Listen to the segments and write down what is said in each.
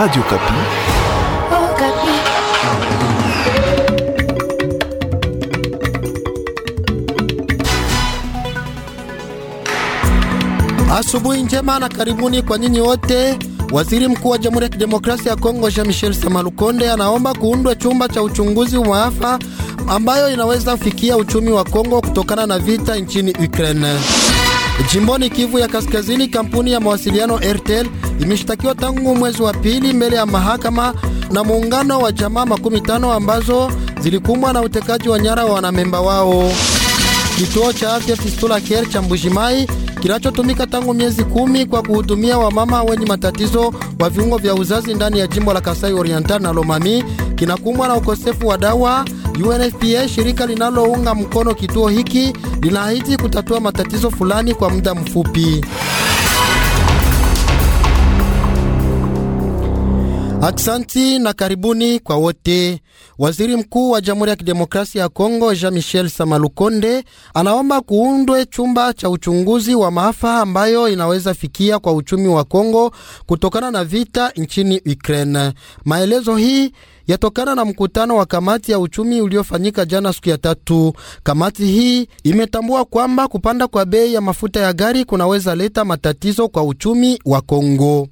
Radio Kapi. Oh, Kapi. Asubuhi njema na karibuni kwa nyinyi wote. Waziri Mkuu wa Jamhuri ya Kidemokrasia ya Kongo Jean-Michel Samalukonde anaomba kuundwa chumba cha uchunguzi wa maafa ambayo inaweza kufikia uchumi wa Kongo kutokana na vita nchini Ukraine. Jimboni Kivu ya Kaskazini, kampuni ya mawasiliano Airtel imeshtakiwa tangu mwezi wa pili mbele ya mahakama na muungano wa jamaa makumi tano ambazo zilikumbwa na utekaji wa nyara wa wanamemba wao kituo cha afya Fistula Care cha mbujimai kinachotumika tangu miezi kumi kwa kuhudumia wamama wenye matatizo wa viungo vya uzazi ndani ya jimbo la Kasai Oriental na Lomami kinakumbwa na ukosefu wa dawa. UNFPA, shirika linalounga mkono kituo hiki, linaahidi kutatua matatizo fulani kwa muda mfupi. Aksanti na karibuni kwa wote. Waziri mkuu wa Jamhuri ya Kidemokrasia ya Kongo Jean Michel Samalukonde anaomba kuundwe chumba cha uchunguzi wa maafa ambayo inaweza fikia kwa uchumi wa Kongo kutokana na vita nchini Ukraine. Maelezo hii yatokana na mkutano wa kamati ya uchumi uliofanyika jana siku ya tatu. Kamati hii imetambua kwamba kupanda kwa bei ya mafuta ya gari kunaweza leta matatizo kwa uchumi wa Kongo.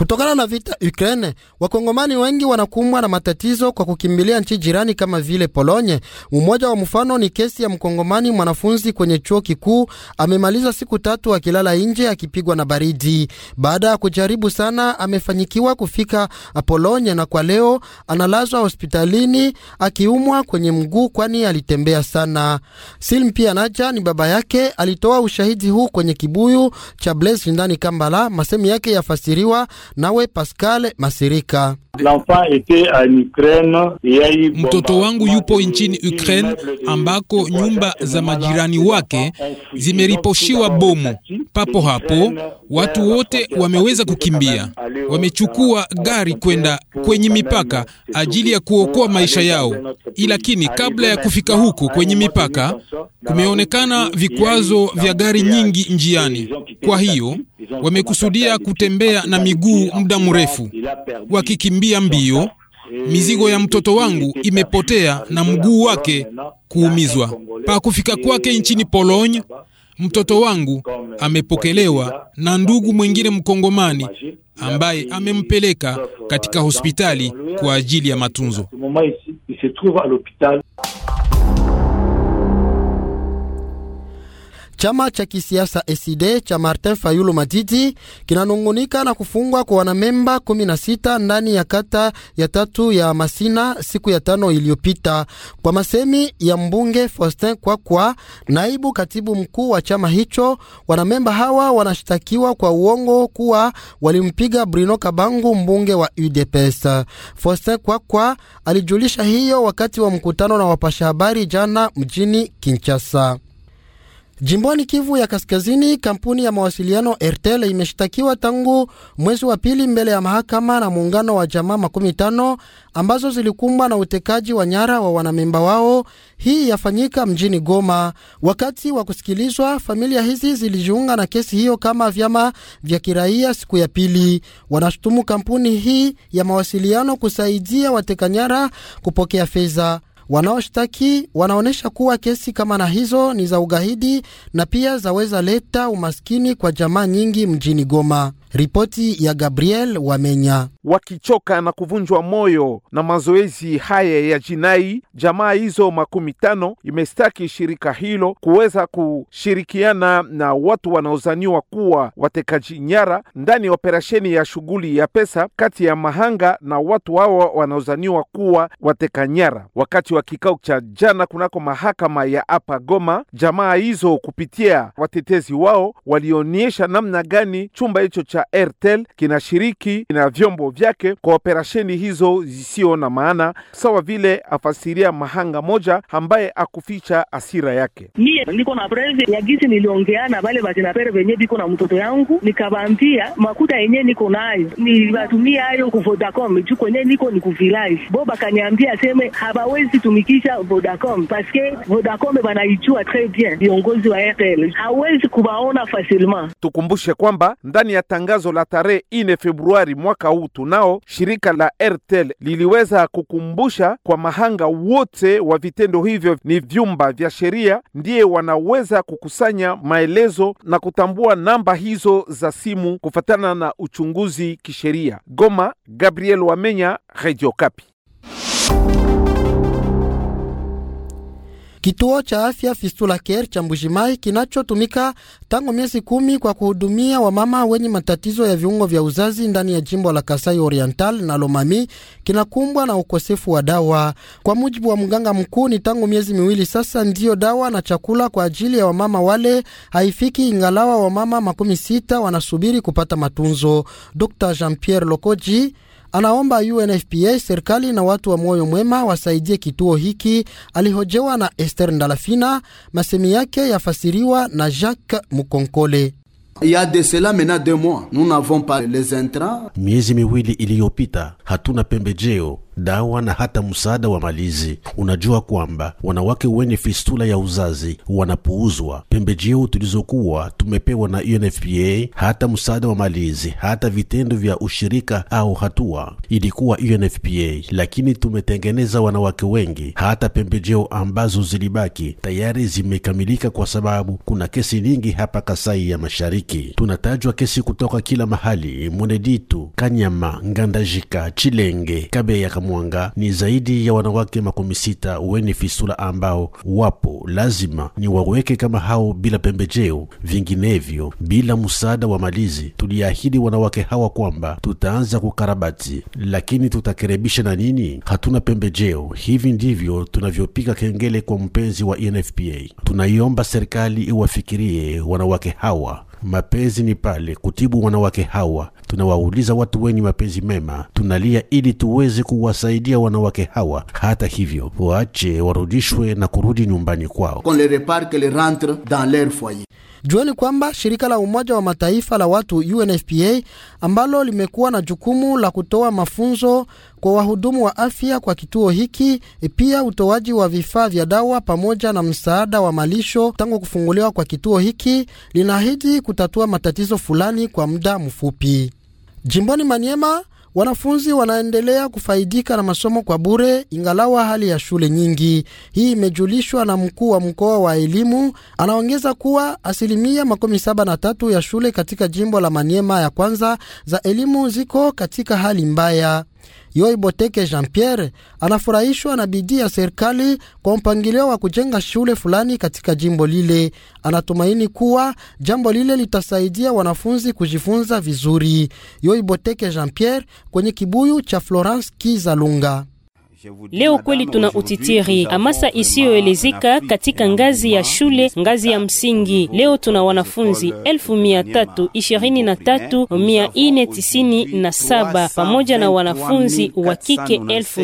Kutokana na vita Ukraine, wakongomani wengi wanakumbwa na matatizo kwa kukimbilia nchi jirani kama vile Polonye. Umoja wa mfano ni kesi ya mkongomani mwanafunzi kwenye chuo kikuu, amemaliza siku tatu akilala nje akipigwa na baridi. Baada ya kujaribu sana, amefanyikiwa kufika Polonye na kwa leo analazwa hospitalini akiumwa kwenye mguu, kwani alitembea sana. Silm pia naja ni baba yake alitoa ushahidi huu kwenye kibuyu cha Blaise Ndani Kambala. Masemi yake yafasiriwa nawe Pascal Masirika. Mtoto wangu yupo nchini Ukraine ambako nyumba za majirani wake zimeriposhiwa bomu. Papo hapo watu wote wameweza kukimbia, wamechukua gari kwenda kwenye mipaka ajili ya kuokoa maisha yao, lakini kabla ya kufika huko kwenye mipaka kumeonekana vikwazo vya gari nyingi njiani, kwa hiyo Wamekusudia kutembea na miguu muda mrefu, wakikimbia mbio. Mizigo ya mtoto wangu imepotea na mguu wake kuumizwa. Pa kufika kwake nchini Pologne, mtoto wangu amepokelewa na ndugu mwingine Mkongomani ambaye amempeleka katika hospitali kwa ajili ya matunzo. Chama cha kisiasa ESID cha Martin Fayulu madidi kinanungunika na kufungwa kwa wanamemba 16 ndani ya kata ya tatu ya Masina siku ya tano iliyopita, kwa masemi ya mbunge Faustin Kwakwa, naibu katibu mkuu wa chama hicho. Wanamemba hawa wanashtakiwa kwa uongo kuwa walimpiga Bruno Kabangu, mbunge wa UDPS. Faustin Kwakwa alijulisha hiyo wakati wa mkutano na wapasha habari jana mjini Kinshasa. Jimboni Kivu ya Kaskazini, kampuni ya mawasiliano Airtel imeshtakiwa tangu mwezi wa pili mbele ya mahakama na muungano wa jamaa makumi tano ambazo zilikumbwa na utekaji wa nyara wa wanamemba wao. Hii yafanyika mjini Goma. Wakati wa kusikilizwa, familia hizi zilijiunga na kesi hiyo kama vyama vya kiraia. Siku ya pili, wanashutumu kampuni hii ya mawasiliano kusaidia wateka nyara kupokea fedha. Wanaoshtaki wanaonyesha kuwa kesi kama na hizo ni za ugaidi na pia zaweza leta umaskini kwa jamaa nyingi mjini Goma. Ripoti ya Gabriel Wamenya. Wakichoka na kuvunjwa moyo na mazoezi haya ya jinai, jamaa hizo makumi tano imestaki shirika hilo kuweza kushirikiana na watu wanaozaniwa kuwa watekaji nyara ndani ya operesheni ya shughuli ya pesa kati ya mahanga na watu hawa wanaozaniwa kuwa wateka nyara. Wakati wa kikao cha jana kunako mahakama ya hapa Goma, jamaa hizo kupitia watetezi wao walionyesha namna gani chumba hicho cha cha Airtel kinashiriki na vyombo vyake kwa operasheni hizo zisio na maana, sawa vile afasiria mahanga moja ambaye akuficha asira yake. Mie niko na preve ya gisi niliongea na vale vatinapere venye viko na mtoto yangu, nikavambia makuta yenye niko nayo nilivatumia hayo ku Vodacom juu kwenye niko ni kuvilai bo, bakaniambia seme hawawezi tumikisha Vodacom paske Vodacom wanaijua tres bien viongozi wa Airtel hawezi kuwaona facilement. Tukumbushe kwamba ndani ya tanga tangazo la tarehe 4 Februari mwaka huu tunao, shirika la Airtel liliweza kukumbusha kwa mahanga wote wa vitendo hivyo ni vyumba vya sheria, ndiye wanaweza kukusanya maelezo na kutambua namba hizo za simu kufatana na uchunguzi kisheria. Goma, Gabriel Wamenya, Radio Kapi. Kituo cha afya Fistula Care cha Mbujimai kinachotumika tangu miezi kumi kwa kuhudumia wamama wenye matatizo ya viungo vya uzazi ndani ya jimbo la Kasai Oriental na Lomami kinakumbwa na ukosefu wa dawa. Kwa mujibu wa mganga mkuu, ni tangu miezi miwili sasa ndiyo dawa na chakula kwa ajili ya wamama wale haifiki, ingalawa wamama makumi sita wanasubiri kupata matunzo. Dr Jean Pierre Lokoji anaomba UNFPA, serikali na watu wa moyo mwema wasaidie kituo hiki. Alihojewa na Esther Ndalafina, masemi yake yafasiriwa na Jacques Mukonkole. Miezi miwili iliyopita hatuna pembejeo dawa na hata msaada wa malizi. Unajua kwamba wanawake wenye fistula ya uzazi wanapuuzwa. Pembejeo tulizokuwa tumepewa na UNFPA, hata msaada wa malizi, hata vitendo vya ushirika au hatua ilikuwa UNFPA, lakini tumetengeneza wanawake wengi. Hata pembejeo ambazo zilibaki tayari zimekamilika, kwa sababu kuna kesi nyingi hapa Kasai ya Mashariki. Tunatajwa kesi kutoka kila mahali: Mweneditu, Kanyama, Ngandajika, Chilenge, Kabeya, Kamu Mwanga ni zaidi ya wanawake makumi sita wenye fisula ambao wapo lazima ni waweke kama hao bila pembejeo, vinginevyo bila msaada wa malizi. Tuliahidi wanawake hawa kwamba tutaanza kukarabati, lakini tutakerebisha na nini? Hatuna pembejeo. Hivi ndivyo tunavyopiga kengele kwa mpenzi wa NFPA. Tunaiomba serikali iwafikirie wanawake hawa mapenzi ni pale kutibu wanawake hawa. Tunawauliza watu wenye mapenzi mema, tunalia ili tuweze kuwasaidia wanawake hawa. Hata hivyo, waache warudishwe na kurudi nyumbani kwao. Jueni kwamba shirika la Umoja wa Mataifa la watu UNFPA ambalo limekuwa na jukumu la kutoa mafunzo kwa wahudumu wa afya kwa kituo hiki, pia utoaji wa vifaa vya dawa pamoja na msaada wa malisho tangu kufunguliwa kwa kituo hiki, linaahidi kutatua matatizo fulani kwa muda mfupi. Jimboni Maniema wanafunzi wanaendelea kufaidika na masomo kwa bure, ingalawa hali ya shule nyingi. Hii imejulishwa na mkuu wa mkoa wa elimu. Anaongeza kuwa asilimia makumi saba na tatu ya shule katika jimbo la Maniema ya kwanza za elimu ziko katika hali mbaya. Yoi Boteke Jean Pierre anafurahishwa na bidii ya serikali kwa mpangilio wa kujenga shule fulani katika jimbo lile. Anatumaini kuwa jambo lile litasaidia wanafunzi kujifunza vizuri. Yoi Boteke Jean Pierre kwenye kibuyu cha Florence Kizalunga. Leo kweli tuna utitiri, hamasa isiyoelezeka katika ngazi ya shule, ngazi ya msingi. Leo tuna wanafunzi elfu pamoja na wanafunzi wa kike elfu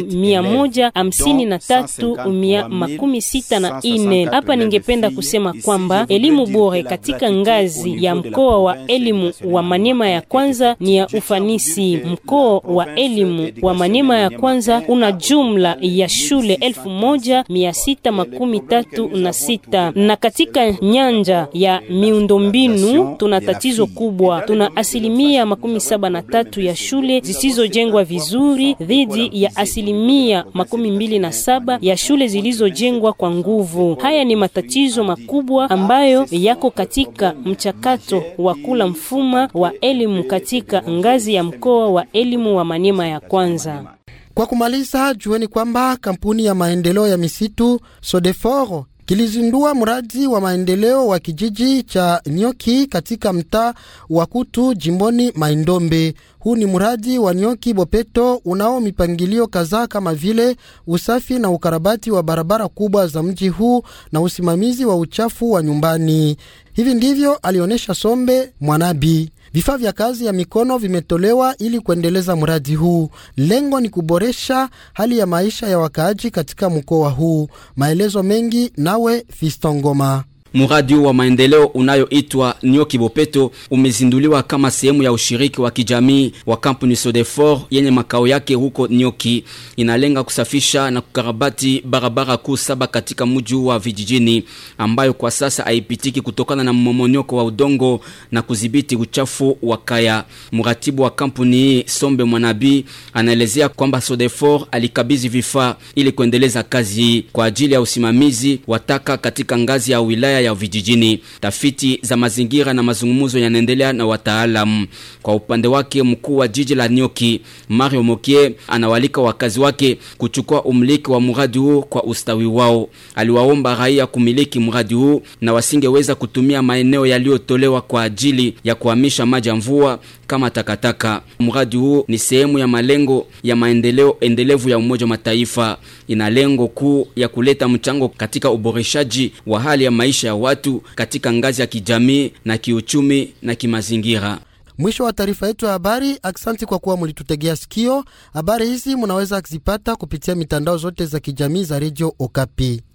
Hapa ningependa kusema kwamba elimu bure katika ngazi ya mkoa wa elimu wa manema ya kwanza ni ya ufanisi. Mkoa wa elimu wa manema ya kwanza una jumla jumla ya shule elfu moja mia sita makumi tatu na sita na katika nyanja ya miundombinu tuna tatizo kubwa. Tuna asilimia makumi saba na tatu ya shule zisizojengwa vizuri dhidi ya asilimia makumi mbili na saba ya shule zilizojengwa kwa nguvu. Haya ni matatizo makubwa ambayo yako katika mchakato wa kula mfuma wa elimu katika ngazi ya mkoa wa elimu wa manima ya kwanza. Kwa kumaliza, jueni kwamba kampuni ya maendeleo ya misitu Sodefor kilizindua mradi wa maendeleo wa kijiji cha Nyoki katika mtaa wa Kutu jimboni Maindombe. Huu ni mradi wa Nyoki Bopeto unao mipangilio kadhaa kama vile usafi na ukarabati wa barabara kubwa za mji huu na usimamizi wa uchafu wa nyumbani. Hivi ndivyo alionyesha Sombe Mwanabi. Vifaa vya kazi ya mikono vimetolewa ili kuendeleza mradi huu. Lengo ni kuboresha hali ya maisha ya wakaaji katika mkoa huu. Maelezo mengi nawe Fiston Ngoma. Mradi wa maendeleo unayoitwa Nio Kibopeto umezinduliwa kama sehemu ya ushiriki wa kijamii wa kampuni Sodefor yenye makao yake huko Nyoki. Inalenga kusafisha na kukarabati barabara kuu saba katika mji wa vijijini ambayo kwa sasa haipitiki kutokana na mmomonyoko wa udongo na kudhibiti uchafu wa kaya. Mratibu wa kampuni hii Sombe Mwanabi anaelezea kwamba Sodefor alikabidhi vifaa ili kuendeleza kazi kwa ajili ya usimamizi wataka katika ngazi ya wilaya ya vijijini. Tafiti za mazingira na mazungumzo yanaendelea na wataalamu. Kwa upande wake, mkuu wa jiji la Nyoki Mario Mokie anawalika wakazi wake kuchukua umiliki wa mradi huu kwa ustawi wao. Aliwaomba raia kumiliki mradi huu na wasingeweza kutumia maeneo yaliyotolewa kwa ajili ya kuhamisha maji ya mvua kama takataka. Mradi huu ni sehemu ya malengo ya maendeleo endelevu ya Umoja wa Mataifa, ina lengo kuu ya kuleta mchango katika uboreshaji wa hali ya maisha ya watu katika ngazi ya kijamii na kiuchumi na kimazingira. Mwisho wa taarifa yetu ya habari. Aksanti kwa kuwa mulitutegea sikio. Habari hizi munaweza kuzipata kupitia mitandao zote za kijamii za redio Okapi.